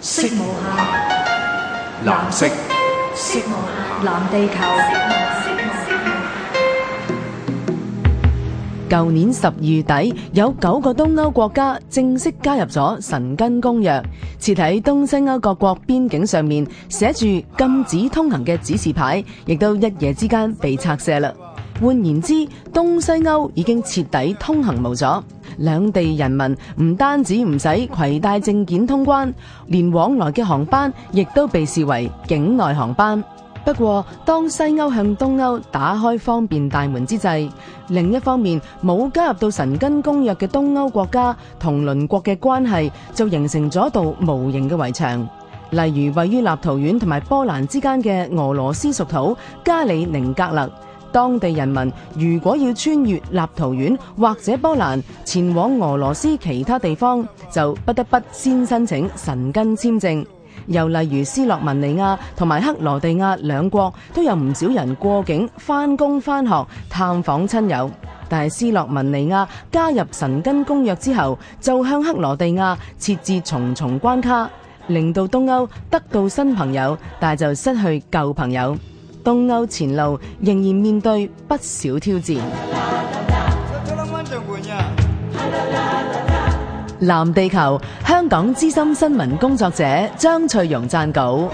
色無限，藍色。色無限，藍地球。舊年十二月底，有九個東歐國家正式加入咗《神根公約》，設喺東西歐各國邊境上面，寫住禁止通行嘅指示牌，亦都一夜之間被拆卸啦。換言之，東西歐已經徹底通行無阻。兩地人民唔單止唔使攜帶證件通關，連往來嘅航班亦都被視為境內航班。不過，當西歐向東歐打開方便大門之際，另一方面冇加入到神根公約嘅東歐國家同鄰國嘅關係就形成咗一道無形嘅圍牆。例如位於立陶宛同埋波蘭之間嘅俄羅斯屬土加里寧格勒。當地人民如果要穿越立陶宛或者波蘭前往俄羅斯其他地方，就不得不先申請神根簽證。又例如斯洛文尼亞同埋克羅地亞兩國都有唔少人過境返工返學探訪親友，但係斯洛文尼亞加入神根公約之後，就向克羅地亞設置重重關卡，令到東歐得到新朋友，但係就失去舊朋友。東歐前路仍然面對不少挑戰。藍地球，香港資深新聞工作者張翠容撰稿。